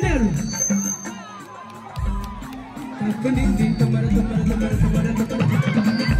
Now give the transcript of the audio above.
Original. Aku dinding kemarin kemarin kemarin kemarin kemarin.